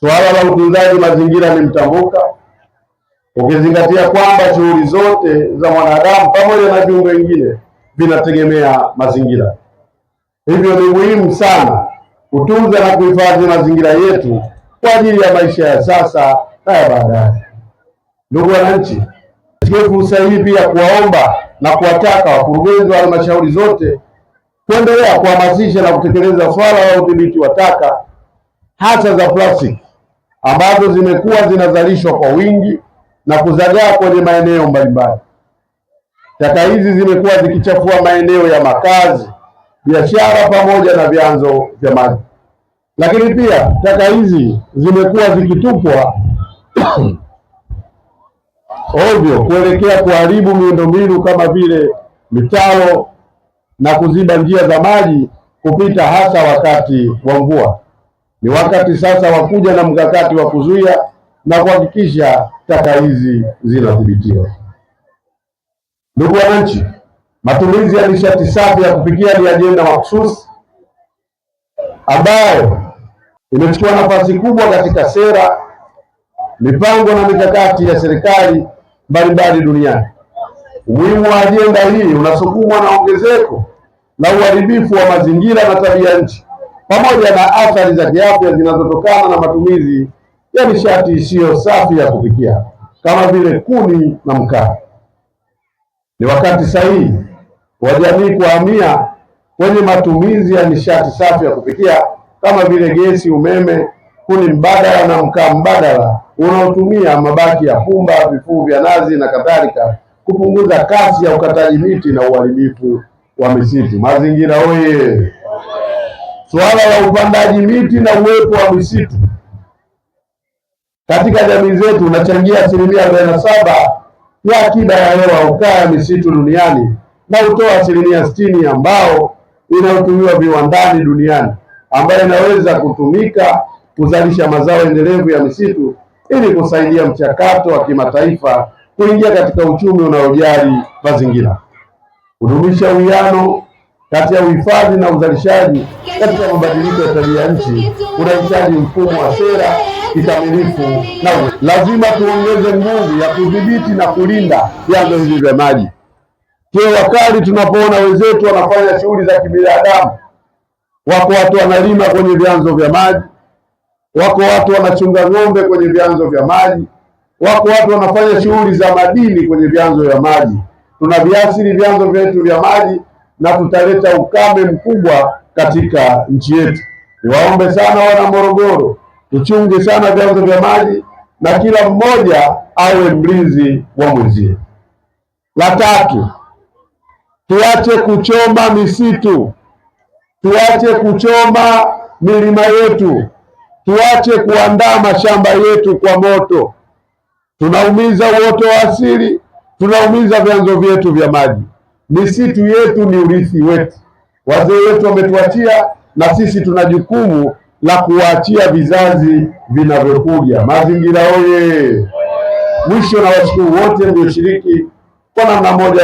Suala la utunzaji mazingira ni mtambuka, ukizingatia kwamba shughuli zote za mwanadamu pamoja na viumbe wengine vinategemea mazingira. Hivyo ni muhimu sana kutunza na kuhifadhi mazingira yetu kwa ajili ya maisha ya sasa na ya baadaye. Ndugu wananchi, nichukue fursa hii pia kuwaomba na kuwataka wakurugenzi wa halmashauri zote kuendelea kuhamasisha na kutekeleza swala la udhibiti wa taka hasa za plastiki ambazo zimekuwa zinazalishwa kwa wingi na kuzagaa kwenye maeneo mbalimbali. Taka hizi zimekuwa zikichafua maeneo ya makazi, biashara pamoja na vyanzo vya maji. Lakini pia taka hizi zimekuwa zikitupwa ovyo kuelekea kuharibu miundombinu kama vile mitaro na kuziba njia za maji kupita hasa wakati wa mvua. Ni wakati sasa wa kuja na mkakati wa kuzuia na kuhakikisha taka hizi zinadhibitiwa. Ndugu wananchi, matumizi ya nishati safi ya kupikia ni ajenda mahususi ambayo imechukua nafasi kubwa katika sera, mipango na mikakati ya serikali mbalimbali duniani. Umuhimu wa ajenda hii unasukumwa na ongezeko la uharibifu wa mazingira na tabia nchi pamoja na athari za kiafya zinazotokana na matumizi ya nishati isiyo safi ya kupikia kama vile kuni na mkaa. Ni wakati sahihi wa jamii kuhamia kwenye matumizi ya nishati safi ya kupikia kama vile gesi, umeme, kuni mbadala na mkaa mbadala unaotumia mabaki ya pumba, vifuu vya nazi na kadhalika, kupunguza kasi ya ukataji miti na uharibifu wa misitu. Mazingira oye! suala la upandaji miti na uwepo wa misitu katika jamii zetu unachangia asilimia arobaini na saba ya akiba ya hewa ukaa ya misitu duniani na hutoa asilimia sitini ya mbao inayotumiwa viwandani duniani ambayo inaweza kutumika kuzalisha mazao endelevu ya misitu ili kusaidia mchakato wa kimataifa kuingia katika uchumi unaojali mazingira, kudumisha uwiano kati ya uhifadhi na uzalishaji katika mabadiliko ya tabia nchi unahitaji mfumo wa sera kikamilifu, na lazima tuongeze nguvu ya kudhibiti na kulinda vyanzo hivi vya maji. Tuwe wakali tunapoona wenzetu wanafanya shughuli za kibinadamu. Wako watu wanalima kwenye vyanzo vya maji, wako watu wanachunga ng'ombe kwenye vyanzo vya maji, wako watu wanafanya shughuli za madini kwenye vyanzo vya maji. Tunaviasiri vyanzo vyetu vya maji na tutaleta ukame mkubwa katika nchi yetu. Niwaombe sana wana Morogoro, tuchunge sana vyanzo vya maji na kila mmoja awe mlinzi wa mwenzie. La tatu, tuache kuchoma misitu, tuache kuchoma milima yetu, tuache kuandaa mashamba yetu kwa moto. Tunaumiza uoto wa asili, tunaumiza vyanzo vyetu vya maji. Misitu yetu ni urithi wetu, wazee wetu wametuachia, na sisi tuna jukumu la kuwaachia vizazi vinavyokuja. Mazingira oye! Mwisho na washukuru wote mlioshiriki kwa namna moja